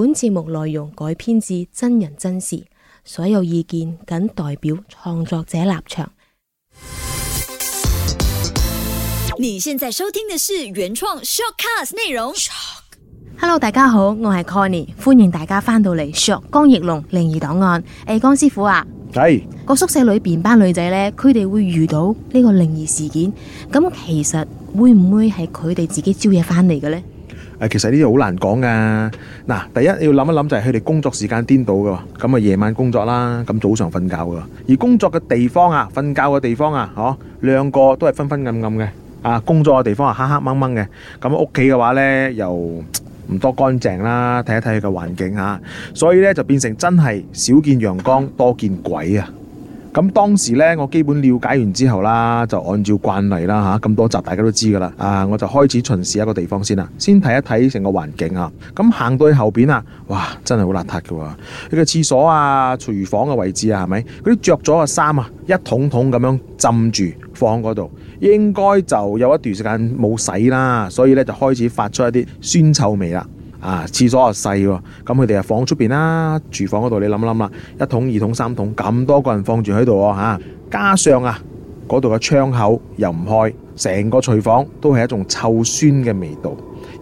本節目內容改編自真人真事，所有意見僅代表創作者立場。你現在收聽的是原創 Shortcast 內容。Shok. Hello，大家好，我係 Connie，歡迎大家翻到嚟《Shortcast 江奕龍靈異檔案》欸。誒，江師傅啊，係，個宿舍裏邊班女仔呢，佢哋會遇到呢個靈異事件，咁其實會唔會係佢哋自己招惹翻嚟嘅呢？誒，其實呢啲好難講噶。嗱，第一要諗一諗就係佢哋工作時間顛倒噶，咁啊夜晚工作啦，咁早上瞓覺噶。而工作嘅地方啊，瞓覺嘅地方啊，嗬，兩個都係昏昏暗暗嘅。啊，工作嘅地方啊黑黑掹掹嘅，咁屋企嘅話呢又唔多乾淨啦，睇一睇佢嘅環境啊。所以呢就變成真係少見陽光，多見鬼啊！咁當時呢，我基本了解完之後啦，就按照慣例啦嚇。咁、啊、多集大家都知噶啦，啊，我就開始巡視一個地方先啦，先睇一睇成個環境啊。咁行到去後邊啊，哇，真係好邋遢㗎喎。佢嘅廁所啊、廚房嘅位置啊，係咪嗰啲着咗嘅衫啊，一桶桶咁樣浸住放嗰度，應該就有一段時間冇洗啦，所以呢，就開始發出一啲酸臭味啦。啊！廁所又細喎，咁佢哋又放喺出邊啦。廚房嗰度你諗諗啦，一桶、二桶、三桶咁多個人放住喺度喎，加上啊嗰度嘅窗口又唔開，成個廚房都係一種臭酸嘅味道。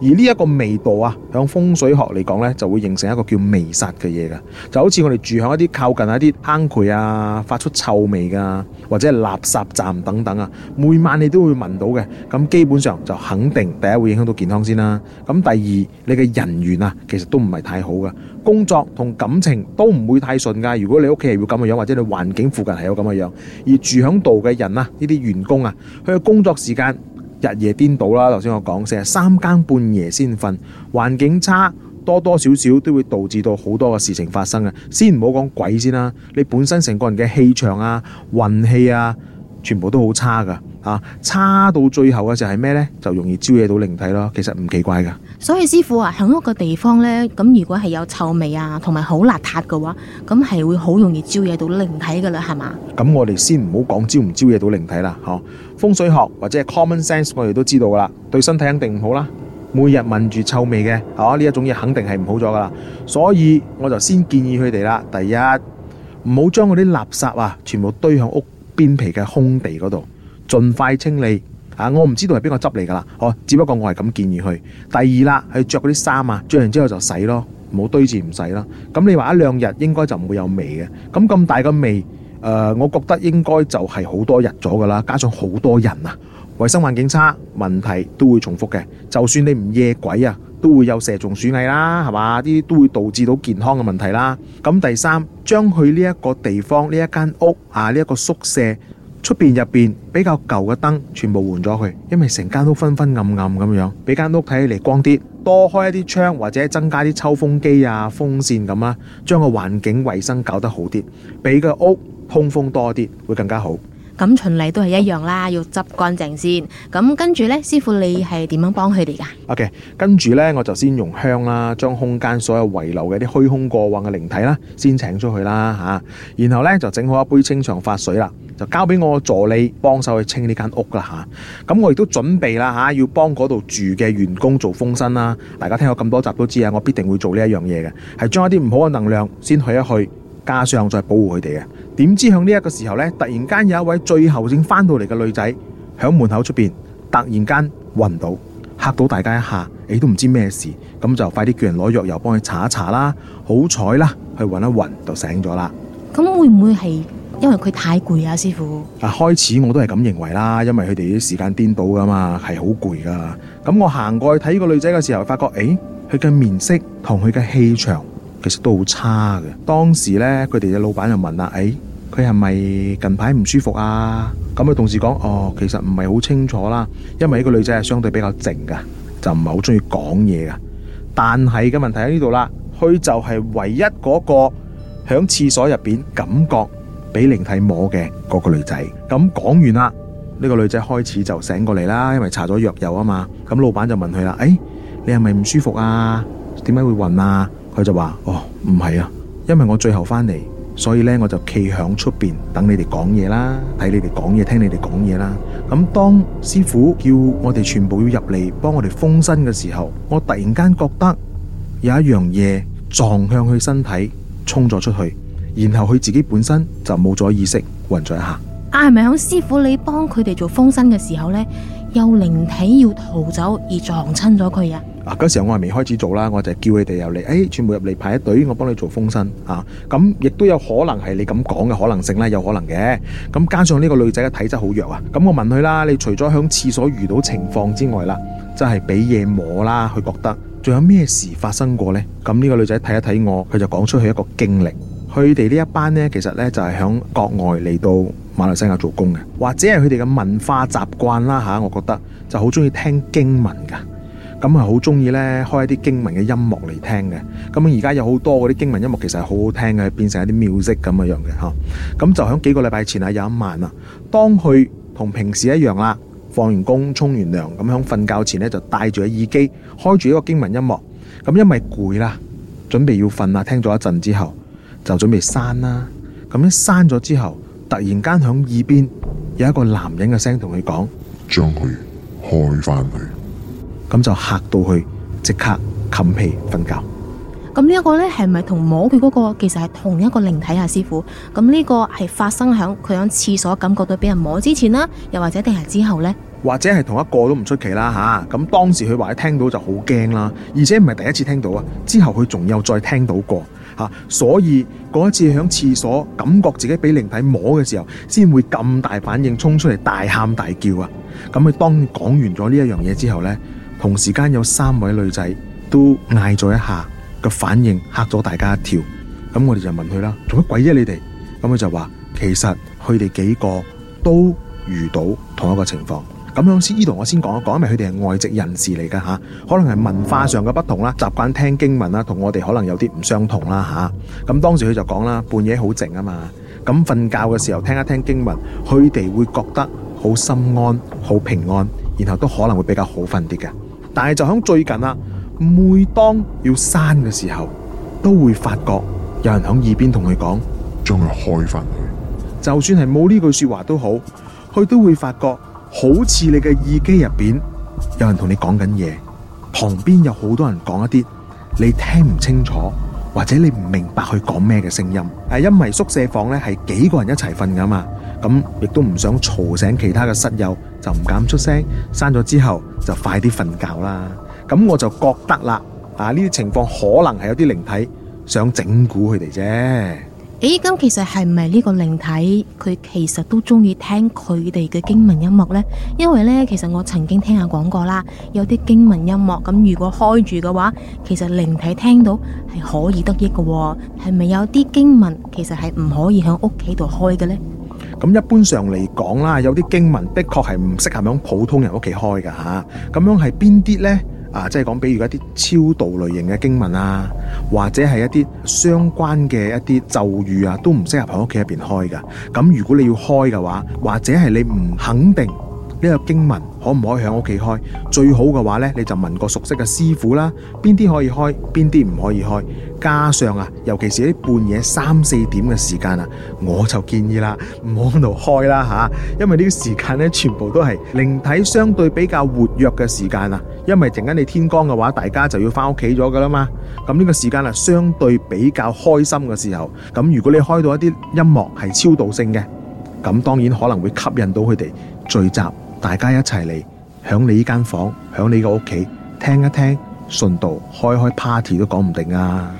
而呢一個味道啊，響風水學嚟講呢，就會形成一個叫味煞嘅嘢噶。就好似我哋住響一啲靠近一啲坑渠啊，發出臭味噶、啊，或者垃圾站等等啊，每晚你都會聞到嘅。咁基本上就肯定第一，第一會影響到健康先啦、啊。咁第二，你嘅人緣啊，其實都唔係太好噶。工作同感情都唔會太順噶。如果你屋企係會咁嘅樣，或者你環境附近係有咁嘅樣，而住響度嘅人啊，呢啲員工啊，佢嘅工作時間。日夜顛倒啦，頭先我講成日三更半夜先瞓，環境差，多多少少都會導致到好多嘅事情發生嘅。先唔好講鬼先啦，你本身成個人嘅氣場啊、運氣啊，全部都好差㗎。啊，差到最後嘅就係咩呢？就容易招惹到靈體咯。其實唔奇怪噶。所以師傅啊，響屋個地方咧，咁如果係有臭味啊，同埋好邋遢嘅話，咁係會好容易招惹到靈體噶啦，係嘛？咁我哋先唔好講招唔招惹到靈體啦，嗬。風水學或者係 common sense，我哋都知道噶啦，對身體肯定唔好啦。每日聞住臭味嘅，嗬，呢一種嘢肯定係唔好咗噶啦。所以我就先建議佢哋啦，第一唔好將嗰啲垃圾啊，全部堆向屋邊皮嘅空地嗰度。盡快清理嚇，我唔知道係邊個執嚟㗎啦，嚇！只不過我係咁建議佢。第二啦，去著嗰啲衫啊，著完之後就洗咯，唔好堆住唔洗啦。咁你話一兩日應該就唔會有味嘅。咁咁大個味，誒，我覺得應該就係好多日咗㗎啦。加上好多人啊，衞生環境差，問題都會重複嘅。就算你唔夜鬼啊，都會有蛇蟲鼠蟻啦，係嘛？啲都會導致到健康嘅問題啦。咁第三，將佢呢一個地方、呢一間屋啊、呢一個宿舍。出邊入邊比較舊嘅燈，全部換咗佢，因為成間屋昏昏暗暗咁樣，俾間屋睇起嚟光啲。多開一啲窗或者增加啲抽風機啊、風扇咁啦，將個環境衛生搞得好啲，俾個屋通風多啲，會更加好。咁循例都係一樣啦，要執乾淨先。咁跟住呢，師傅你係點樣幫佢哋噶？OK，跟住呢，我就先用香啦，將空間所有遺留嘅啲虛空過往嘅靈體啦，先請出去啦吓、啊。然後呢，就整好一杯清場法水啦。就交俾我助理幫手去清呢間屋啦嚇，咁、啊、我亦都準備啦嚇、啊，要幫嗰度住嘅員工做封身啦、啊。大家聽我咁多集都知啊，我必定會做呢一樣嘢嘅，係將一啲唔好嘅能量先去一去，加上再保護佢哋嘅。點知向呢一個時候呢，突然間有一位最後先翻到嚟嘅女仔，響門口出邊突然間暈到，嚇到大家一下，你都唔知咩事，咁就快啲叫人攞藥油幫佢搽一搽啦。好彩啦，去暈一暈就醒咗啦。咁會唔會係？因為佢太攰啊，師傅。啊，開始我都係咁認為啦，因為佢哋啲時間顛倒噶嘛，係好攰噶。咁我行過去睇個女仔嘅時候，發覺誒，佢嘅面色同佢嘅氣場其實都好差嘅。當時呢，佢哋嘅老闆就問啦：誒，佢係咪近排唔舒服啊？咁佢同事講：哦，其實唔係好清楚啦，因為呢個女仔係相對比較靜噶，就唔係好中意講嘢噶。但係嘅問題喺呢度啦，佢就係唯一嗰個響廁所入邊感覺。俾靈體摸嘅嗰個女仔，咁講完啦，呢個女仔開始就醒過嚟啦，因為搽咗藥油啊嘛，咁老闆就問佢啦：誒，你係咪唔舒服啊？點解會暈啊？佢就話：哦，唔係啊，因為我最後翻嚟，所以呢，我就企響出邊等你哋講嘢啦，睇你哋講嘢，聽你哋講嘢啦。咁當師傅叫我哋全部要入嚟幫我哋封身嘅時候，我突然間覺得有一樣嘢撞向佢身體，衝咗出去。然後佢自己本身就冇咗意識暈咗一下啊，係咪響師傅你幫佢哋做封身嘅時候呢，有靈體要逃走而撞親咗佢啊？嗰時候我係未開始做啦，我就叫佢哋入嚟，誒、哎，全部入嚟排一隊，我幫你做封身啊。咁、啊、亦、啊、都有可能係你咁講嘅可能性咧，有可能嘅。咁加上呢個女仔嘅體質好弱啊，咁我問佢啦，你除咗響廁所遇到情況之外啦，真係俾嘢摸啦，佢覺得仲有咩事發生過呢？咁呢個女仔睇一睇我，佢就講出去一個經歷。佢哋呢一班呢，其實呢就係響國外嚟到馬來西亞做工嘅，或者係佢哋嘅文化習慣啦嚇。我覺得就好中意聽經文噶，咁係好中意呢開一啲經文嘅音樂嚟聽嘅。咁而家有好多嗰啲經文音樂其實係好好聽嘅，變成一啲 music 咁嘅樣嘅嚇。咁就響幾個禮拜前啊，有一晚啊，當佢同平時一樣啦，放完工、沖完涼咁，響瞓覺前呢，就戴住耳機，開住一個經文音樂。咁因為攰啦，準備要瞓啦，聽咗一陣之後，就準備閂啦，咁樣閂咗之後，突然間響耳邊有一個男人嘅聲同佢講：將佢開返去。」咁就嚇到佢，即刻冚被瞓覺。咁呢一個咧係咪同摸佢嗰個其實係同一個靈體啊？師傅，咁呢個係發生響佢響廁所感覺到俾人摸之前啦、啊，又或者定係之後呢？或者係同一個都唔出奇啦吓，咁、啊、當時佢話聽到就好驚啦，而且唔係第一次聽到啊，之後佢仲有再聽到過。吓，所以嗰一次喺廁所感覺自己俾靈體摸嘅時候，先會咁大反應衝，衝出嚟大喊大叫啊！咁佢當講完咗呢一樣嘢之後呢，同時間有三位女仔都嗌咗一下，個反應吓咗大家一跳。咁我哋就問佢啦：做乜鬼啫、啊？你哋？咁佢就話：其實佢哋幾個都遇到同一個情況。咁樣先，呢度我先講一講，因為佢哋係外籍人士嚟噶嚇，可能係文化上嘅不同啦，習慣聽經文啦，同我哋可能有啲唔相同啦嚇。咁當時佢就講啦，半夜好靜啊嘛，咁瞓覺嘅時候聽一聽經文，佢哋會覺得好心安、好平安，然後都可能會比較好瞓啲嘅。但係就喺最近啊，每當要閂嘅時候，都會發覺有人喺耳邊同佢講，將佢開翻佢，就算係冇呢句説話都好，佢都會發覺。好似你嘅耳機入邊有人同你講緊嘢，旁邊有好多人講一啲你聽唔清楚或者你唔明白佢講咩嘅聲音，係因為宿舍房咧係幾個人一齊瞓噶嘛，咁亦都唔想嘈醒其他嘅室友，就唔敢出聲，刪咗之後就快啲瞓覺啦。咁我就覺得啦，啊呢啲情況可能係有啲靈體想整蠱佢哋啫。咦，咁其實係咪呢個靈體佢其實都中意聽佢哋嘅經文音樂呢？因為呢，其實我曾經聽下講過啦，有啲經文音樂咁，如果開住嘅話，其實靈體聽到係可以得益嘅喎。係咪有啲經文其實係唔可以喺屋企度開嘅呢？咁一般上嚟講啦，有啲經文的確係唔適合響普通人屋企開嘅吓。咁樣係邊啲呢？啊，即係講，比如一啲超度類型嘅經文啊，或者係一啲相關嘅一啲咒語啊，都唔適合喺屋企入面開㗎。噉如果你要開嘅話，或者係你唔肯定。呢個經文可唔可以喺屋企開？最好嘅話呢，你就問個熟悉嘅師傅啦。邊啲可以開，邊啲唔可以開。加上啊，尤其是喺半夜三四點嘅時間啊，我就建議啦，唔好喺度開啦吓，因為呢個時間呢，全部都係靈體相對比較活躍嘅時間啊。因為陣間你天光嘅話，大家就要翻屋企咗噶啦嘛。咁、這、呢個時間啊，相對比較開心嘅時候，咁如果你開到一啲音樂係超導性嘅，咁當然可能會吸引到佢哋聚集。大家一齊嚟，響你呢間房，響你個屋企聽一聽，順道開開 party 都講唔定啊！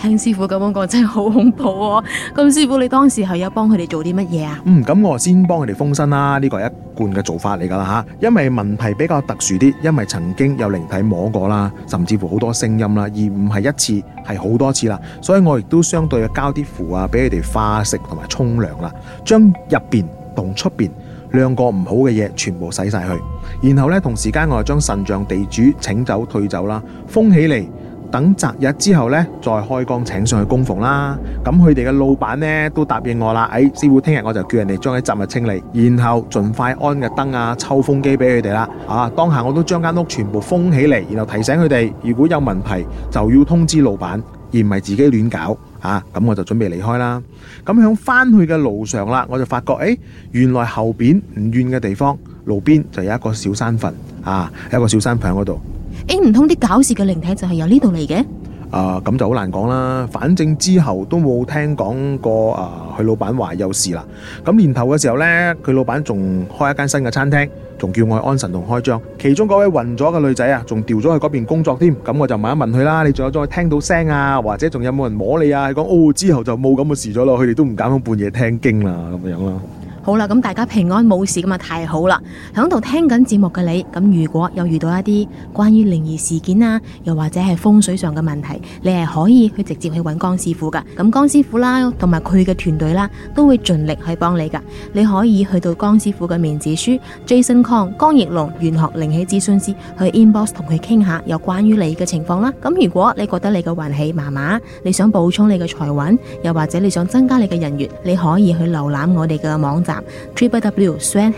聽師傅咁樣講真係好恐怖哦、啊！咁師傅你當時係有幫佢哋做啲乜嘢啊？嗯，咁我先幫佢哋封身啦，呢、這個係一貫嘅做法嚟噶啦吓，因為問題比較特殊啲，因為曾經有靈體摸過啦，甚至乎好多聲音啦，而唔係一次，係好多次啦，所以我亦都相對嘅交啲符啊，俾佢哋化食同埋沖涼啦，將入邊同出邊。兩個唔好嘅嘢，全部洗晒去。然後呢同時間我又將神像地主請走退走啦，封起嚟，等擇日之後呢再開光請上去供奉啦。咁佢哋嘅老闆呢都答應我啦，誒，師傅聽日我就叫人哋將啲雜物清理，然後盡快安個燈啊、抽風機俾佢哋啦。啊，當下我都將間屋全部封起嚟，然後提醒佢哋如果有問題就要通知老闆，而唔係自己亂搞。啊，咁我就準備離開啦。咁響翻去嘅路上啦，我就發覺，誒、欸，原來後邊唔遠嘅地方路邊就有一個小山墳，啊，有一個小山墳喺嗰度。誒、欸，唔通啲搞事嘅靈體就係由呢度嚟嘅？啊，咁就好難講啦。反正之後都冇聽講過啊，佢、呃、老闆話有事啦。咁年頭嘅時候呢，佢老闆仲開一間新嘅餐廳。仲叫我去安神同開張，其中嗰位暈咗嘅女仔啊，仲調咗去嗰邊工作添，咁我就問一問佢啦，你仲有再聽到聲啊，或者仲有冇人摸你啊？佢講哦，之後就冇咁嘅事咗咯，佢哋都唔敢半夜聽經啦，咁樣咯，啊。好啦，咁大家平安冇事咁啊，太好啦！響度聽緊節目嘅你，咁如果有遇到一啲關於靈異事件啊，又或者係風水上嘅問題，你係可以去直接去揾江師傅噶。咁江師傅啦，同埋佢嘅團隊啦，都會盡力去幫你噶。你可以去到江師傅嘅面子書 Jason Kong 江奕龍玄學靈氣諮詢師去 inbox 同佢傾下有關於你嘅情況啦。咁如果你覺得你嘅運氣麻麻，你想補充你嘅財運，又或者你想增加你嘅人緣，你可以去瀏覽我哋嘅網站。w w w h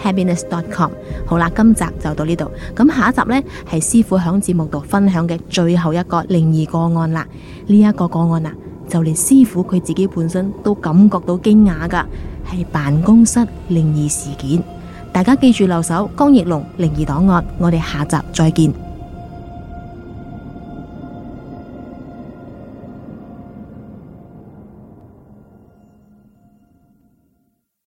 a p n e s s c o m 好啦，今集就到呢度，咁下一集呢，係師傅喺節目度分享嘅最後一個靈異個案啦。呢、這、一個個案啊，就連師傅佢自己本身都感覺到驚訝噶，係辦公室靈異事件。大家記住留守，江奕龍靈異檔案，我哋下集再見。